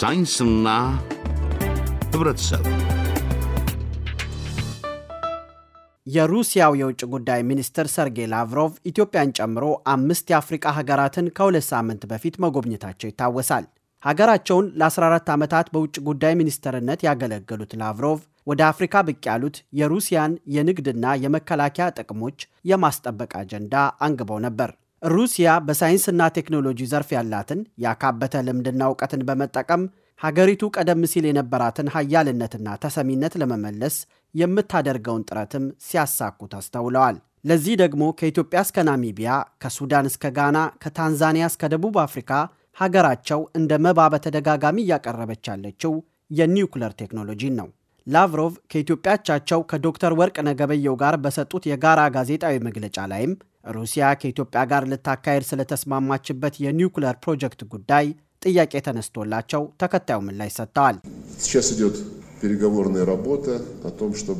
ሳይንስና ህብረተሰብ የሩሲያው የውጭ ጉዳይ ሚኒስትር ሰርጌይ ላቭሮቭ ኢትዮጵያን ጨምሮ አምስት የአፍሪቃ ሀገራትን ከሁለት ሳምንት በፊት መጎብኘታቸው ይታወሳል። ሀገራቸውን ለ14 ዓመታት በውጭ ጉዳይ ሚኒስትርነት ያገለገሉት ላቭሮቭ ወደ አፍሪካ ብቅ ያሉት የሩሲያን የንግድና የመከላከያ ጥቅሞች የማስጠበቅ አጀንዳ አንግበው ነበር። ሩሲያ በሳይንስና ቴክኖሎጂ ዘርፍ ያላትን ያካበተ ልምድና እውቀትን በመጠቀም ሀገሪቱ ቀደም ሲል የነበራትን ሀያልነትና ተሰሚነት ለመመለስ የምታደርገውን ጥረትም ሲያሳኩ ታስተውለዋል። ለዚህ ደግሞ ከኢትዮጵያ እስከ ናሚቢያ፣ ከሱዳን እስከ ጋና፣ ከታንዛኒያ እስከ ደቡብ አፍሪካ ሀገራቸው እንደ መባ በተደጋጋሚ እያቀረበች ያለችው የኒውክለር ቴክኖሎጂን ነው። ላቭሮቭ ከኢትዮጵያቻቸው ከዶክተር ወርቅ ነገበየው ጋር በሰጡት የጋራ ጋዜጣዊ መግለጫ ላይም ሩሲያ ከኢትዮጵያ ጋር ልታካሄድ ስለተስማማችበት የኒውክለር ፕሮጀክት ጉዳይ ጥያቄ ተነስቶላቸው ተከታዩ ምላሽ ሰጥተዋል። э,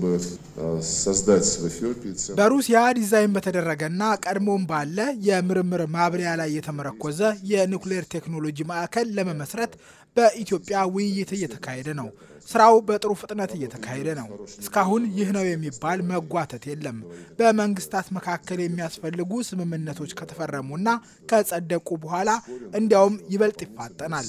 በሩሲያ ዲዛይን በተደረገና ቀድሞም ባለ የምርምር ማብሪያ ላይ የተመረኮዘ የኒውክሌር ቴክኖሎጂ ማዕከል ለመመስረት በኢትዮጵያ ውይይት እየተካሄደ ነው። ስራው በጥሩ ፍጥነት እየተካሄደ ነው። እስካሁን ይህ ነው የሚባል መጓተት የለም። በመንግስታት መካከል የሚያስፈልጉ ስምምነቶች ከተፈረሙና ከጸደቁ በኋላ እንዲያውም ይበልጥ ይፋጠናል።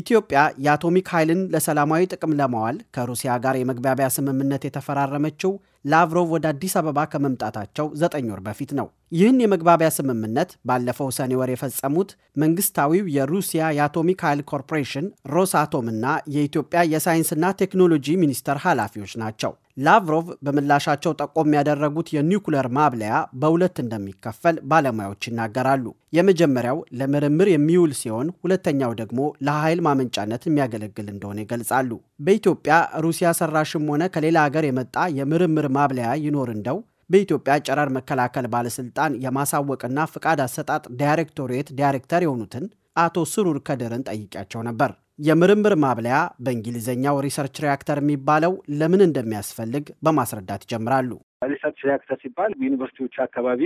ኢትዮጵያ የአቶሚክ ኃይልን ለሰላማዊ ጥቅም ለማዋል ከሩሲያ ጋር የመግባቢያ ስምምነት የተፈራረመችው ላቭሮቭ ወደ አዲስ አበባ ከመምጣታቸው ዘጠኝ ወር በፊት ነው። ይህን የመግባቢያ ስምምነት ባለፈው ሰኔ ወር የፈጸሙት መንግስታዊው የሩሲያ የአቶሚክ ኃይል ኮርፖሬሽን አቶም እና የኢትዮጵያ የሳይንስና ቴክኖሎጂ ሚኒስቴር ኃላፊዎች ናቸው። ላቭሮቭ በምላሻቸው ጠቆም ያደረጉት የኒውክሌር ማብለያ በሁለት እንደሚከፈል ባለሙያዎች ይናገራሉ። የመጀመሪያው ለምርምር የሚውል ሲሆን ሁለተኛው ደግሞ ለኃይል ማመንጫነት የሚያገለግል እንደሆነ ይገልጻሉ። በኢትዮጵያ ሩሲያ ሰራሽም ሆነ ከሌላ ሀገር የመጣ የምርምር ማብለያ ይኖር እንደው በኢትዮጵያ ጨረር መከላከል ባለስልጣን የማሳወቅና ፍቃድ አሰጣጥ ዳይሬክቶሬት ዳይሬክተር የሆኑትን አቶ ስሩር ከድርን ጠይቂያቸው ነበር። የምርምር ማብለያ በእንግሊዝኛው ሪሰርች ሪያክተር የሚባለው ለምን እንደሚያስፈልግ በማስረዳት ይጀምራሉ። ሪሰርች ሪያክተር ሲባል ዩኒቨርሲቲዎች አካባቢ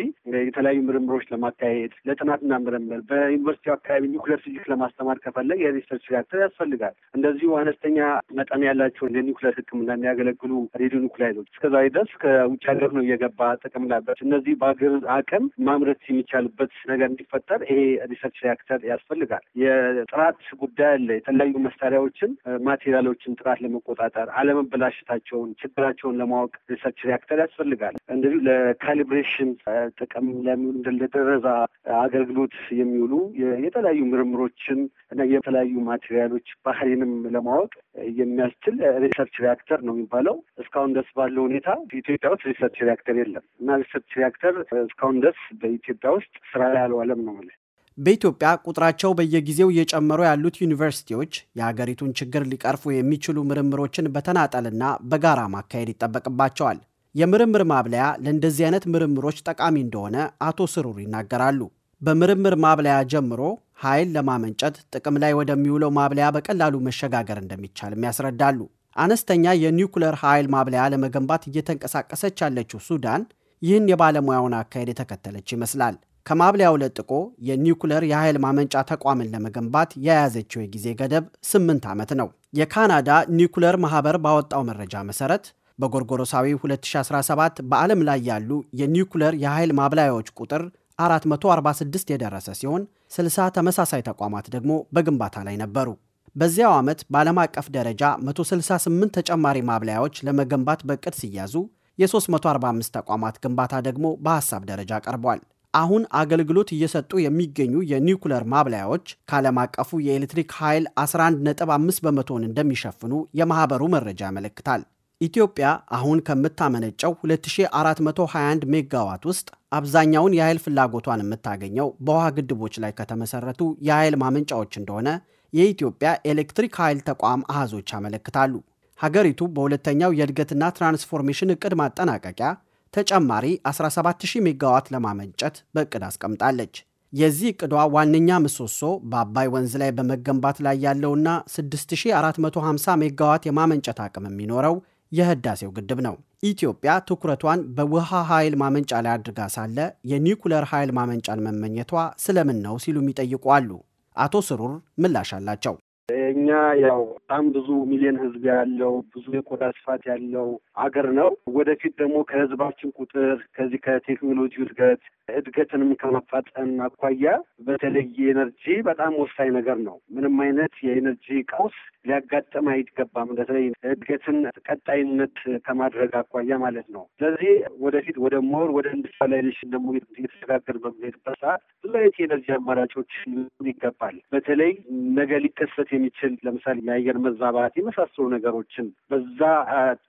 የተለያዩ ምርምሮች ለማካሄድ ለጥናትና ምርምር በዩኒቨርሲቲ አካባቢ ኒውክሌር ፊዚክስ ለማስተማር ከፈለግ የሪሰርች ሪያክተር ያስፈልጋል። እንደዚሁ አነስተኛ መጠን ያላቸው ለኒውክሌር ሕክምና የሚያገለግሉ ሬዲዮ ኒውክላይዶች እስከዛ ድረስ ከውጭ ሀገር ነው እየገባ ጥቅም ላበት እነዚህ በሀገር አቅም ማምረት የሚቻልበት ነገር እንዲፈጠር ይሄ ሪሰርች ሪያክተር ያስፈልጋል። የጥራት ጉዳይ አለ። የተለያዩ መሳሪያዎችን ማቴሪያሎችን ጥራት ለመቆጣጠር አለመበላሸታቸውን፣ ችግራቸውን ለማወቅ ሪሰርች ሪያክተር ያስፈልጋል። ያስፈልጋል። እንደዚሁ ለካሊብሬሽን ጥቅም ለደረዛ አገልግሎት የሚውሉ የተለያዩ ምርምሮችን እና የተለያዩ ማቴሪያሎች ባህሪንም ለማወቅ የሚያስችል ሪሰርች ሪያክተር ነው የሚባለው። እስካሁን ደስ ባለው ሁኔታ ኢትዮጵያ ውስጥ ሪሰርች ሪያክተር የለም እና ሪሰርች ሪያክተር እስካሁን ደስ በኢትዮጵያ ውስጥ ስራ ላይ አልዋለም ነው ማለት በኢትዮጵያ ቁጥራቸው በየጊዜው እየጨመሩ ያሉት ዩኒቨርሲቲዎች የሀገሪቱን ችግር ሊቀርፉ የሚችሉ ምርምሮችን በተናጠልና በጋራ ማካሄድ ይጠበቅባቸዋል። የምርምር ማብለያ ለእንደዚህ አይነት ምርምሮች ጠቃሚ እንደሆነ አቶ ስሩር ይናገራሉ። በምርምር ማብለያ ጀምሮ ኃይል ለማመንጨት ጥቅም ላይ ወደሚውለው ማብለያ በቀላሉ መሸጋገር እንደሚቻልም ያስረዳሉ። አነስተኛ የኒውክለር ኃይል ማብለያ ለመገንባት እየተንቀሳቀሰች ያለችው ሱዳን ይህን የባለሙያውን አካሄድ የተከተለች ይመስላል። ከማብለያው ለጥቆ የኒውክለር የኃይል ማመንጫ ተቋምን ለመገንባት የያዘችው የጊዜ ገደብ ስምንት ዓመት ነው። የካናዳ ኒውክለር ማህበር ባወጣው መረጃ መሰረት በጎርጎሮሳዊ 2017 በዓለም ላይ ያሉ የኒውክለር የኃይል ማብላያዎች ቁጥር 446 የደረሰ ሲሆን 60 ተመሳሳይ ተቋማት ደግሞ በግንባታ ላይ ነበሩ። በዚያው ዓመት በዓለም አቀፍ ደረጃ 168 ተጨማሪ ማብላያዎች ለመገንባት በቅድ ሲያዙ የ345 ተቋማት ግንባታ ደግሞ በሐሳብ ደረጃ ቀርቧል። አሁን አገልግሎት እየሰጡ የሚገኙ የኒውክለር ማብላያዎች ከዓለም አቀፉ የኤሌክትሪክ ኃይል 11.5 በመቶን እንደሚሸፍኑ የማኅበሩ መረጃ ያመለክታል። ኢትዮጵያ አሁን ከምታመነጨው 2421 ሜጋዋት ውስጥ አብዛኛውን የኃይል ፍላጎቷን የምታገኘው በውሃ ግድቦች ላይ ከተመሰረቱ የኃይል ማመንጫዎች እንደሆነ የኢትዮጵያ ኤሌክትሪክ ኃይል ተቋም አሃዞች ያመለክታሉ። ሀገሪቱ በሁለተኛው የእድገትና ትራንስፎርሜሽን እቅድ ማጠናቀቂያ ተጨማሪ 170 ሜጋዋት ለማመንጨት በእቅድ አስቀምጣለች። የዚህ እቅዷ ዋነኛ ምሰሶ በአባይ ወንዝ ላይ በመገንባት ላይ ያለውና 6450 ሜጋዋት የማመንጨት አቅም የሚኖረው የህዳሴው ግድብ ነው። ኢትዮጵያ ትኩረቷን በውሃ ኃይል ማመንጫ ላይ አድርጋ ሳለ የኒኩለር ኃይል ማመንጫን መመኘቷ ስለምን ነው ሲሉ የሚጠይቁ አሉ። አቶ ስሩር ምላሽ አላቸው። እኛ ያው በጣም ብዙ ሚሊዮን ህዝብ ያለው ብዙ የቆዳ ስፋት ያለው አገር ነው። ወደፊት ደግሞ ከህዝባችን ቁጥር ከዚህ ከቴክኖሎጂ እድገት እድገትንም ከመፋጠን አኳያ በተለይ ኤነርጂ በጣም ወሳኝ ነገር ነው። ምንም አይነት የኤነርጂ ቀውስ ሊያጋጥም አይገባም። በተለይ እድገትን ቀጣይነት ከማድረግ አኳያ ማለት ነው። ስለዚህ ወደፊት ወደ ሞር ወደ ኢንዱስትሪላይዜሽን ደግሞ እየተሸጋገር በምንሄድበት ሰዓት ብዙ አይነት የኤነርጂ አማራጮች ይገባል። በተለይ ነገ ሊከሰት የሚችል ለምሳሌ የአየር መዛባት የመሳሰሉ ነገሮችን በዛ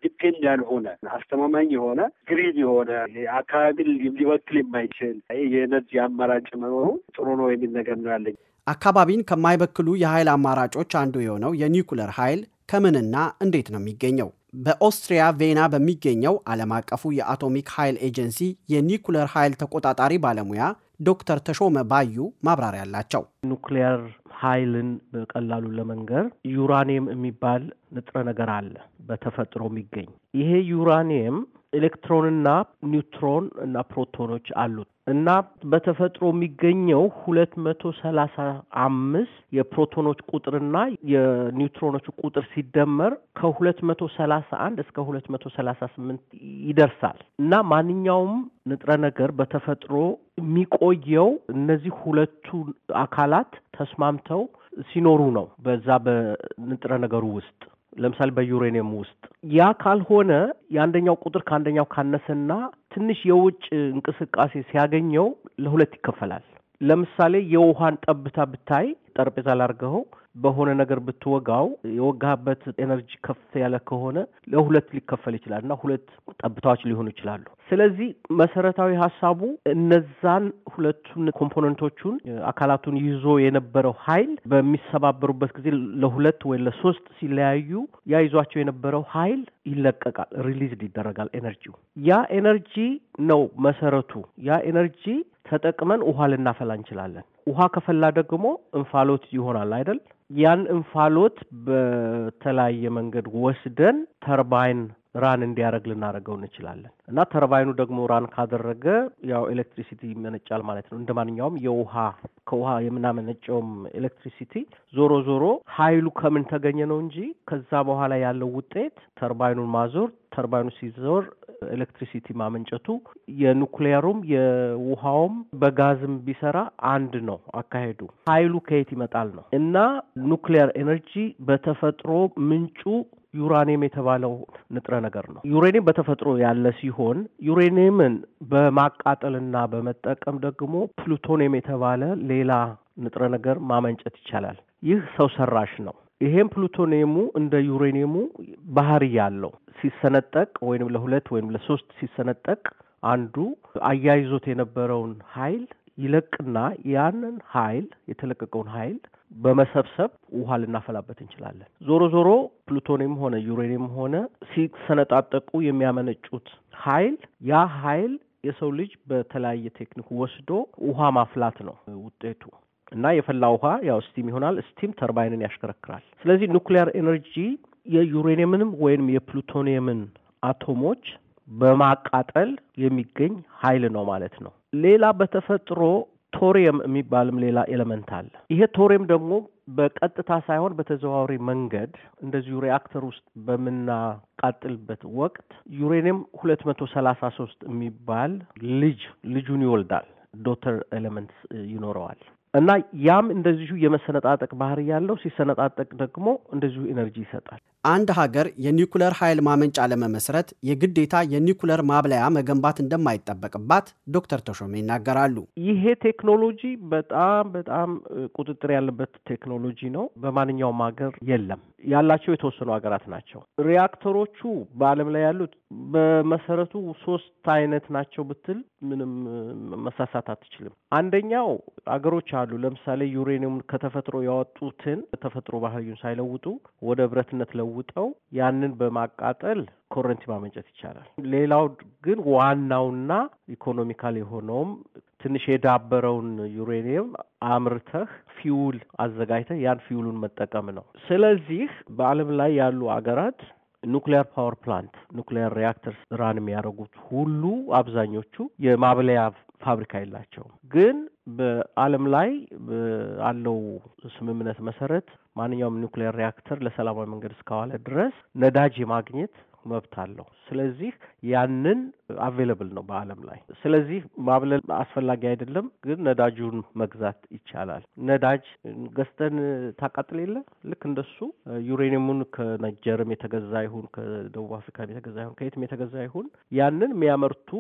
ዲፔንድ ያልሆነ አስተማማኝ የሆነ ግሪን የሆነ አካባቢን ሊወክል የማይችል የነዚህ አማራጭ መኖሩ ጥሩ ነው የሚል ነገር ነው ያለኝ። አካባቢን ከማይበክሉ የኃይል አማራጮች አንዱ የሆነው የኒውክለር ኃይል ከምንና እንዴት ነው የሚገኘው? በኦስትሪያ ቬና በሚገኘው ዓለም አቀፉ የአቶሚክ ኃይል ኤጀንሲ የኒውክለር ኃይል ተቆጣጣሪ ባለሙያ ዶክተር ተሾመ ባዩ ማብራሪያ አላቸው። ኑክሊየር ኃይልን በቀላሉ ለመንገር ዩራኒየም የሚባል ንጥረ ነገር አለ። በተፈጥሮ የሚገኝ ይሄ ዩራኒየም ኤሌክትሮንና ኒውትሮን እና ፕሮቶኖች አሉት እና በተፈጥሮ የሚገኘው ሁለት መቶ ሰላሳ አምስት የፕሮቶኖች ቁጥርና የኒውትሮኖች ቁጥር ሲደመር ከሁለት መቶ ሰላሳ አንድ እስከ ሁለት መቶ ሰላሳ ስምንት ይደርሳል እና ማንኛውም ንጥረ ነገር በተፈጥሮ የሚቆየው እነዚህ ሁለቱ አካላት ተስማምተው ሲኖሩ ነው በዛ በንጥረ ነገሩ ውስጥ ለምሳሌ በዩሬኒየም ውስጥ ያ ካልሆነ የአንደኛው ቁጥር ከአንደኛው ካነሰና ትንሽ የውጭ እንቅስቃሴ ሲያገኘው ለሁለት ይከፈላል። ለምሳሌ የውሃን ጠብታ ብታይ ጠረጴዛ ላርገኸው በሆነ ነገር ብትወጋው የወጋበት ኤነርጂ ከፍ ያለ ከሆነ ለሁለት ሊከፈል ይችላል እና ሁለት ጠብታዎች ሊሆኑ ይችላሉ። ስለዚህ መሰረታዊ ሀሳቡ እነዛን ሁለቱን ኮምፖነንቶቹን አካላቱን ይዞ የነበረው ኃይል በሚሰባበሩበት ጊዜ ለሁለት ወይ ለሶስት ሲለያዩ ያ ይዟቸው የነበረው ኃይል ይለቀቃል፣ ሪሊዝድ ይደረጋል ኤነርጂው። ያ ኤነርጂ ነው መሰረቱ። ያ ኤነርጂ ተጠቅመን ውሃ ልናፈላ እንችላለን። ውሃ ከፈላ ደግሞ እንፋሎት ይሆናል አይደል? ያን እንፋሎት በተለያየ መንገድ ወስደን ተርባይን ራን እንዲያደረግ ልናደርገው እንችላለን እና ተርባይኑ ደግሞ ራን ካደረገ ያው ኤሌክትሪሲቲ ይመነጫል ማለት ነው። እንደ ማንኛውም የውሃ ከውሃ የምናመነጨውም ኤሌክትሪሲቲ ዞሮ ዞሮ ኃይሉ ከምን ተገኘ ነው እንጂ ከዛ በኋላ ያለው ውጤት ተርባይኑን ማዞር ተርባይኑ ሲዞር ኤሌክትሪሲቲ ማመንጨቱ የኑክሊያሩም የውሃውም በጋዝም ቢሰራ አንድ ነው አካሄዱ። ኃይሉ ከየት ይመጣል ነው እና ኑክሊያር ኤነርጂ በተፈጥሮ ምንጩ ዩራኒየም የተባለው ንጥረ ነገር ነው። ዩሬኒየም በተፈጥሮ ያለ ሲሆን ዩሬኒየምን በማቃጠልና በመጠቀም ደግሞ ፕሉቶኒየም የተባለ ሌላ ንጥረ ነገር ማመንጨት ይቻላል። ይህ ሰው ሰራሽ ነው። ይሄም ፕሉቶኒየሙ እንደ ዩሬኒየሙ ባህሪ ያለው ሲሰነጠቅ ወይም ለሁለት ወይም ለሶስት ሲሰነጠቅ አንዱ አያይዞት የነበረውን ኃይል ይለቅና ያንን ኃይል የተለቀቀውን ኃይል በመሰብሰብ ውሃ ልናፈላበት እንችላለን። ዞሮ ዞሮ ፕሉቶኒየም ሆነ ዩሬኒየም ሆነ ሲሰነጣጠቁ የሚያመነጩት ኃይል ያ ኃይል የሰው ልጅ በተለያየ ቴክኒክ ወስዶ ውሃ ማፍላት ነው ውጤቱ እና የፈላ ውሃ ያው ስቲም ይሆናል። ስቲም ተርባይንን ያሽከረክራል። ስለዚህ ኑክሊያር ኤነርጂ የዩሬኒየምንም ወይንም የፕሉቶኒየምን አቶሞች በማቃጠል የሚገኝ ኃይል ነው ማለት ነው። ሌላ በተፈጥሮ ቶሪየም የሚባልም ሌላ ኤለመንት አለ። ይሄ ቶሪየም ደግሞ በቀጥታ ሳይሆን በተዘዋዋሪ መንገድ እንደዚሁ ሪያክተር ውስጥ በምናቃጥልበት ወቅት ዩሬኒየም ሁለት መቶ ሰላሳ ሶስት የሚባል ልጅ ልጁን ይወልዳል። ዶተር ኤለመንት ይኖረዋል እና ያም እንደዚሁ የመሰነጣጠቅ ባህሪ ያለው ሲሰነጣጠቅ ደግሞ እንደዚሁ ኤነርጂ ይሰጣል። አንድ ሀገር የኒኩለር ኃይል ማመንጫ ለመመስረት የግዴታ የኒኩለር ማብለያ መገንባት እንደማይጠበቅባት ዶክተር ተሾሜ ይናገራሉ። ይሄ ቴክኖሎጂ በጣም በጣም ቁጥጥር ያለበት ቴክኖሎጂ ነው። በማንኛውም ሀገር የለም። ያላቸው የተወሰኑ ሀገራት ናቸው። ሪያክተሮቹ በዓለም ላይ ያሉት በመሰረቱ ሶስት አይነት ናቸው ብትል ምንም መሳሳት አትችልም። አንደኛው አገሮች አሉ። ለምሳሌ ዩሬኒየም ከተፈጥሮ ያወጡትን ተፈጥሮ ባህሪውን ሳይለውጡ ወደ ብረትነት ለው ለውጠው ያንን በማቃጠል ኮረንቲ ማመንጨት ይቻላል። ሌላው ግን ዋናውና ኢኮኖሚካል የሆነውም ትንሽ የዳበረውን ዩሬኒየም አምርተህ ፊውል አዘጋጅተህ ያን ፊውሉን መጠቀም ነው። ስለዚህ በዓለም ላይ ያሉ አገራት ኑክሊየር ፓወር ፕላንት ኑክሊየር ሪያክተር ራን የሚያደርጉት ሁሉ አብዛኞቹ የማብለያ ፋብሪካ የላቸውም። ግን በዓለም ላይ አለው ስምምነት መሰረት ማንኛውም ኒውክሌር ሪያክተር ለሰላማዊ መንገድ እስካዋለ ድረስ ነዳጅ የማግኘት መብት አለው። ስለዚህ ያንን አቬለብል ነው በዓለም ላይ። ስለዚህ ማብለል አስፈላጊ አይደለም፣ ግን ነዳጁን መግዛት ይቻላል። ነዳጅ ገዝተን ታቃጥል የለ ልክ እንደሱ ዩሬኒየሙን ከናይጀርም የተገዛ ይሁን ከደቡብ አፍሪካም የተገዛ ይሁን ከየትም የተገዛ ይሁን ያንን የሚያመርቱ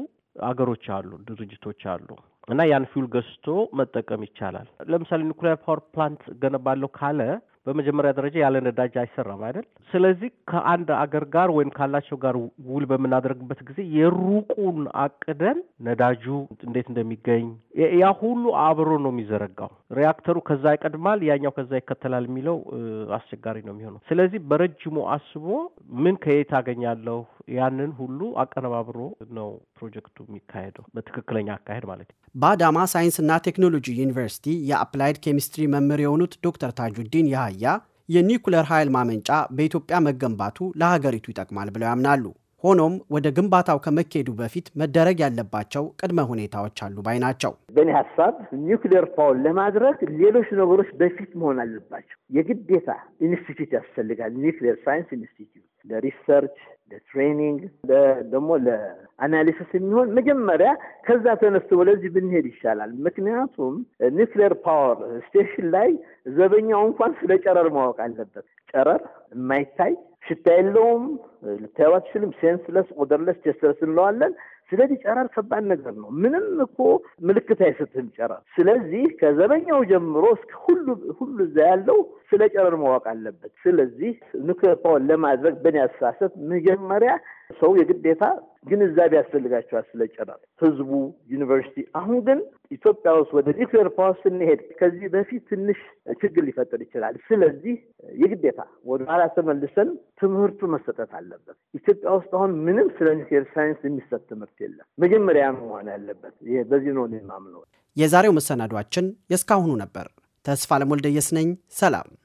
አገሮች አሉ፣ ድርጅቶች አሉ። እና ያን ፊውል ገዝቶ መጠቀም ይቻላል። ለምሳሌ ኒኩሊያር ፓወር ፕላንት ገነባለሁ ካለ በመጀመሪያ ደረጃ ያለ ነዳጅ አይሰራም አይደል? ስለዚህ ከአንድ አገር ጋር ወይም ካላቸው ጋር ውል በምናደርግበት ጊዜ የሩቁን አቅደን ነዳጁ እንዴት እንደሚገኝ ያ ሁሉ አብሮ ነው የሚዘረጋው። ሪያክተሩ ከዛ ይቀድማል፣ ያኛው ከዛ ይከተላል የሚለው አስቸጋሪ ነው የሚሆነው። ስለዚህ በረጅሙ አስቦ ምን ከየት አገኛለሁ ያንን ሁሉ አቀነባብሮ ነው ፕሮጀክቱ የሚካሄደው በትክክለኛ አካሄድ ማለት ነው። በአዳማ ሳይንስና ቴክኖሎጂ ዩኒቨርሲቲ የአፕላይድ ኬሚስትሪ መምህር የሆኑት ዶክተር ታጁዲን ያህያ የኒኩለር ኃይል ማመንጫ በኢትዮጵያ መገንባቱ ለሀገሪቱ ይጠቅማል ብለው ያምናሉ። ሆኖም ወደ ግንባታው ከመካሄዱ በፊት መደረግ ያለባቸው ቅድመ ሁኔታዎች አሉ ባይ ናቸው። በእኔ ሀሳብ ኒውክሌር ፓወር ለማድረግ ሌሎች ነገሮች በፊት መሆን አለባቸው። የግዴታ ኢንስቲትዩት ያስፈልጋል። ኒውክሌር ሳይንስ ኢንስቲትዩት ለሪሰርች፣ ለትሬኒንግ ደግሞ ለአናሊሲስ የሚሆን መጀመሪያ ከዛ ተነስቶ ወደዚህ ብንሄድ ይሻላል። ምክንያቱም ኒውክሌር ፓወር ስቴሽን ላይ ዘበኛው እንኳን ስለ ጨረር ማወቅ አለበት። ጨረር የማይታይ ሽታ የለውም፣ ልታየው ሴንስለስ ኦደርለስ ቴስተርስ እንለዋለን። ስለዚህ ጨረር ከባድ ነገር ነው። ምንም እኮ ምልክት አይስትህም ጨረር። ስለዚህ ከዘበኛው ጀምሮ እስከ ሁሉ ሁሉ እዛ ያለው ስለ ጨረር ማወቅ አለበት። ስለዚህ ንክኪውን ለማድረግ በእኔ አስተሳሰብ መጀመሪያ ሰው የግዴታ ግንዛቤ ያስፈልጋቸዋል ስለ ጨረር ህዝቡ፣ ዩኒቨርሲቲ። አሁን ግን ኢትዮጵያ ውስጥ ወደ ኒክሌር ፓወር ስንሄድ ከዚህ በፊት ትንሽ ችግር ሊፈጥር ይችላል። ስለዚህ የግዴታ ወደኋላ ተመልሰን ትምህርቱ መሰጠት አለበት። ኢትዮጵያ ውስጥ አሁን ምንም ስለ ኒክሌር ሳይንስ የሚሰጥ ትምህርት የለም። መጀመሪያ መሆን ያለበት በዚህ ነው የማምነው። የዛሬው መሰናዷችን የእስካሁኑ ነበር። ተስፋ ለሞልደየስ ነኝ። ሰላም።